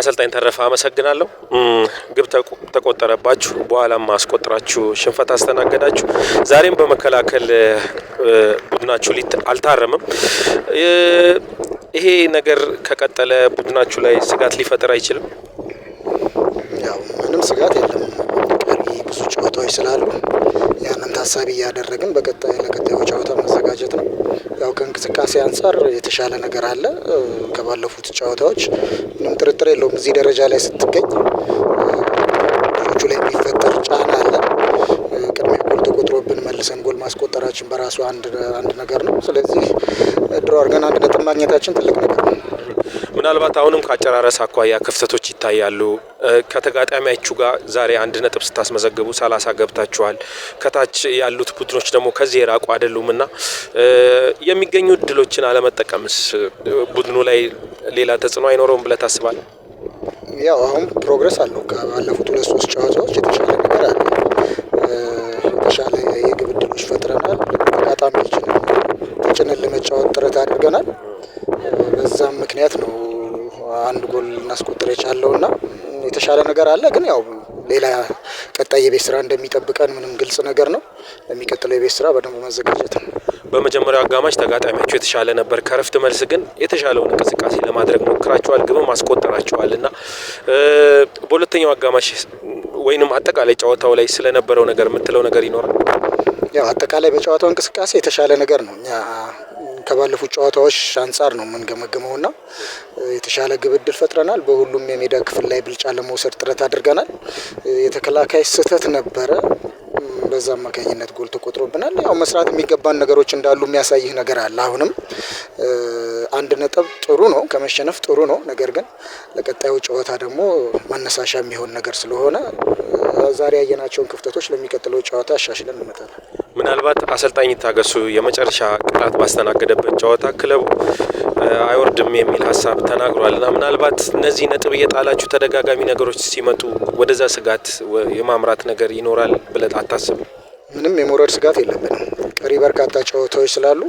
አሰልጣኝ ተረፈ አመሰግናለሁ። ግብ ተቆጠረባችሁ፣ በኋላም አስቆጥራችሁ ሽንፈት አስተናገዳችሁ። ዛሬም በመከላከል ቡድናችሁ አልታረምም። ይሄ ነገር ከቀጠለ ቡድናችሁ ላይ ስጋት ሊፈጥር አይችልም? ያው ምንም ስጋት የለም። ቀሪ ብዙ ጨዋታዎች ስላሉ ያንን ታሳቢ እያደረግን በቀጣይ ለቀጣዩ ጨዋታ ከእንቅስቃሴ አንፃር የተሻለ ነገር አለ ከባለፉት ጨዋታዎች ምንም ጥርጥር የለውም። እዚህ ደረጃ ላይ ስትገኝ ሌሎቹ ላይ የሚፈጠር ጫና አለ። ቅድሚያ ጎል ተቆጥሮብን መልሰን ጎል ማስቆጠራችን በራሱ አንድ ነገር ነው። ስለዚህ ድሮ አድርገን አንድ ነጥብ ማግኘታችን ትልቅ ነገር ምናልባት አሁንም ከአጨራረስ አኳያ ክፍተቶች ይታያሉ። ከተጋጣሚያችሁ ጋር ዛሬ አንድ ነጥብ ስታስመዘግቡ ሰላሳ ገብታችኋል። ከታች ያሉት ቡድኖች ደግሞ ከዚህ የራቁ አይደሉም እና የሚገኙ እድሎችን አለመጠቀምስ ቡድኑ ላይ ሌላ ተጽዕኖ አይኖረውም ብለ ታስባለህ? ያው አሁን ፕሮግረስ አለው። ባለፉት ሁለት ሶስት ጨዋታዎች አንድ ጎል እናስቆጥር የቻለው እና የተሻለ ነገር አለ። ግን ያው ሌላ ቀጣይ የቤት ስራ እንደሚጠብቀን ምንም ግልጽ ነገር ነው። የሚቀጥለው የቤት ስራ በደንብ መዘጋጀት ነው። በመጀመሪያው አጋማሽ ተጋጣሚያቸው የተሻለ ነበር። ከረፍት መልስ ግን የተሻለውን እንቅስቃሴ ለማድረግ ሞክራቸዋል፣ ግብም አስቆጠራቸዋል እና በሁለተኛው አጋማሽ ወይንም አጠቃላይ ጨዋታው ላይ ስለነበረው ነገር የምትለው ነገር ይኖራል? ያው አጠቃላይ በጨዋታው እንቅስቃሴ የተሻለ ነገር ነው እኛ ከባለፉት ጨዋታዎች አንጻር ነው የምንገመግመው ና የተሻለ ግብ ፈጥረናል። በሁሉም የሜዳ ክፍል ላይ ብልጫ ለመውሰድ ጥረት አድርገናል። የተከላካይ ስህተት ነበረ። በዛ አማካኝነት ጎል ተቆጥሮብናል። ያው መስራት የሚገባን ነገሮች እንዳሉ የሚያሳይህ ነገር አለ። አሁንም አንድ ነጥብ ጥሩ ነው፣ ከመሸነፍ ጥሩ ነው። ነገር ግን ለቀጣዩ ጨዋታ ደግሞ መነሳሻ የሚሆን ነገር ስለሆነ ዛሬ ያየናቸውን ክፍተቶች ለሚቀጥለው ጨዋታ አሻሽለን እንመጣለን። ምናልባት አሰልጣኝ ታገሱ የመጨረሻ ቅጣት ባስተናገደበት ጨዋታ ክለቡ አይወርድም የሚል ሀሳብ ተናግሯል። እና ምናልባት እነዚህ ነጥብ እየጣላችሁ ተደጋጋሚ ነገሮች ሲመጡ ወደዛ ስጋት የማምራት ነገር ይኖራል ብለት አታስብም? ምንም የመውረድ ስጋት የለብንም። ቀሪ በርካታ ጨዋታዎች ስላሉ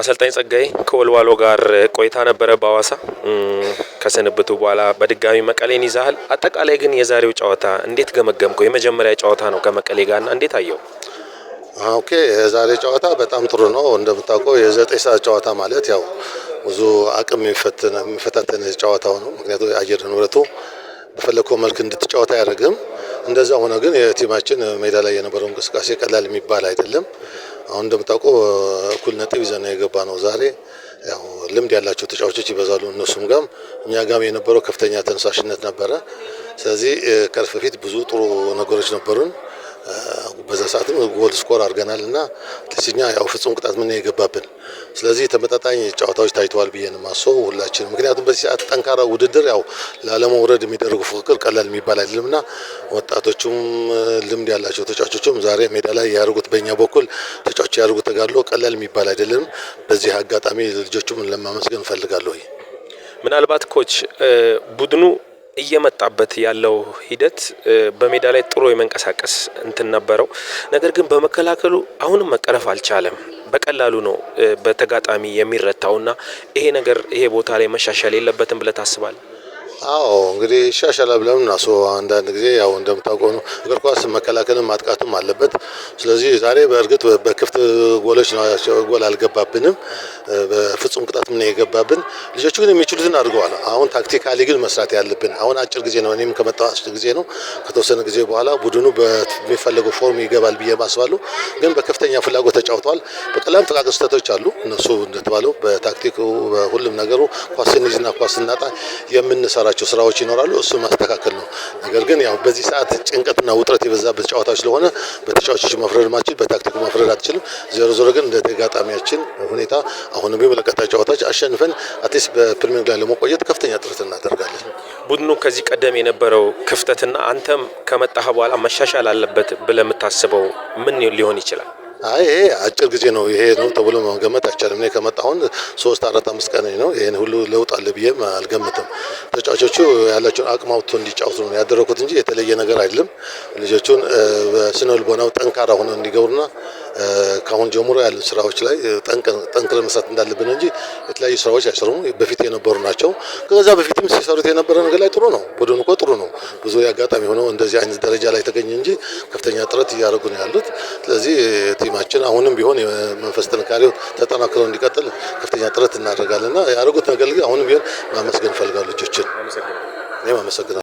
አሰልጣኝ ጸጋዬ ከወልዋሎ ጋር ቆይታ ነበረ በአዋሳ ከስንብቱ በኋላ በድጋሚ መቀሌን ይዛሃል። አጠቃላይ ግን የዛሬው ጨዋታ እንዴት ገመገምከው? የመጀመሪያ ጨዋታ ነው ከመቀሌ ጋር ና እንዴት አየው? ኦኬ የዛሬ ጨዋታ በጣም ጥሩ ነው። እንደምታውቀው የዘጠኝ ሰዓት ጨዋታ ማለት ያው ብዙ አቅም የሚፈታተን ጨዋታው ነው። ምክንያቱም የአየር ንብረቱ በፈለከው መልክ እንድትጫወት አያደርግም። እንደዛ ሆነ ግን የቲማችን ሜዳ ላይ የነበረው እንቅስቃሴ ቀላል የሚባል አይደለም። አሁን እንደምታውቁ እኩል ነጥብ ይዘን የገባ ነው ዛሬ ያው ልምድ ያላቸው ተጫዋቾች ይበዛሉ። እነሱም ጋም እኛ ጋም የነበረው ከፍተኛ ተነሳሽነት ነበረ። ስለዚህ ከረፍ በፊት ብዙ ጥሩ ነገሮች ነበሩን። በዛ ሰዓትም ጎል ስኮር አድርገናል እና ትችኛ ያው ፍጹም ቅጣት ምን የገባብን ስለዚህ ተመጣጣኝ ጨዋታዎች ታይተዋል ብዬ ነው የማስበው ሁላችንም። ምክንያቱም በዚህ ሰዓት ጠንካራ ውድድር ያው ላለመውረድ የሚደረጉ ፉክክር ቀላል የሚባል አይደለም እና ወጣቶቹም ልምድ ያላቸው ተጫዋቾቹም ዛሬ ሜዳ ላይ ያደርጉት በእኛ በኩል ተጫዋቾች ያደርጉት ተጋድሎ ቀላል የሚባል አይደለም። በዚህ አጋጣሚ ልጆቹም ለማመስገን እፈልጋለሁ። ምናልባት ኮች ቡድኑ እየመጣበት ያለው ሂደት በሜዳ ላይ ጥሩ የመንቀሳቀስ እንትን ነበረው። ነገር ግን በመከላከሉ አሁንም መቀረፍ አልቻለም። በቀላሉ ነው በተጋጣሚ የሚረታውና ይሄ ነገር ይሄ ቦታ ላይ መሻሻል የለበትም ብለ ታስባል። አዎ እንግዲህ ይሻሻላል ብለን እናስበው። አንዳንድ ጊዜ ያው እንደምታውቀው ነው እግር ኳስ መከላከልም ማጥቃቱም አለበት። ስለዚህ ዛሬ በእርግጥ በክፍት ጎሎች ናቸው ጎል አልገባብንም፣ በፍጹም ቅጣት ምን የገባብን። ልጆቹ ግን የሚችሉትን አድርገዋል። አሁን ታክቲካሊ ግን መስራት ያለብን አሁን አጭር ጊዜ ነው፣ እኔም ከመጣሁ አጭር ጊዜ ነው። ከተወሰነ ጊዜ በኋላ ቡድኑ በሚፈለገው ፎርም ይገባል ብዬ ማስባለሁ። ግን በከፍተኛ ፍላጎት ተጫውተዋል። በቀላም ጥቃቅን ስህተቶች አሉ። እነሱ እንደተባለው በታክቲኩ በሁሉም ነገሩ ኳስ ስንይዝና ኳስ ስናጣ የምንሰራ የምንሰራቸው ስራዎች ይኖራሉ። እሱ ማስተካከል ነው። ነገር ግን ያው በዚህ ሰዓት ጭንቀትና ውጥረት የበዛበት ጨዋታ ስለሆነ በተጫዋቾች መፍረድ ማችል በታክቲኩ መፍረድ አትችልም። ዞሮ ዞሮ ግን እንደ ተጋጣሚያችን ሁኔታ አሁንም የሚመለከታ ጨዋታዎች አሸንፈን አትሊስት በፕሪሚየር ላይ ለመቆየት ከፍተኛ ጥረት እናደርጋለን። ቡድኑ ከዚህ ቀደም የነበረው ክፍተትና አንተም ከመጣህ በኋላ መሻሻል አለበት ብለህ የምታስበው ምን ሊሆን ይችላል? አይ ይሄ አጭር ጊዜ ነው ይሄ ነው ተብሎ መገመት አይቻልም። እኔ ከመጣሁን ሶስት አራት አምስት ቀን ነው። ይሄን ሁሉ ለውጥ አለ ብዬም አልገምትም። ተጫዋቾቹ ያላቸውን አቅም አውጥቶ እንዲጫወቱ ነው ያደረኩት እንጂ የተለየ ነገር አይደለም። ልጆቹን በስነ ልቦናው ጠንካራ ሆነው እንዲገቡና ከአሁን ጀምሮ ያሉ ስራዎች ላይ ጠንቅለን መስራት እንዳለብን እንጂ የተለያዩ ስራዎች አይሰሩም። በፊት የነበሩ ናቸው። ከዛ በፊትም ሲሰሩት የነበረ ነገር ላይ ጥሩ ነው። ቡድን እኮ ጥሩ ነው። ብዙ አጋጣሚ ሆነው እንደዚህ አይነት ደረጃ ላይ ተገኘ እንጂ ከፍተኛ ጥረት እያደረጉ ነው ያሉት። ስለዚህ ቲማችን አሁንም ቢሆን የመንፈስ ጥንካሬው ተጠናክሮ እንዲቀጥል ከፍተኛ ጥረት እናደርጋለን እና ያደረጉት ነገር ግን አሁንም ቢሆን ማመስገን እፈልጋለሁ ልጆችን። እኔም አመሰግናለሁ።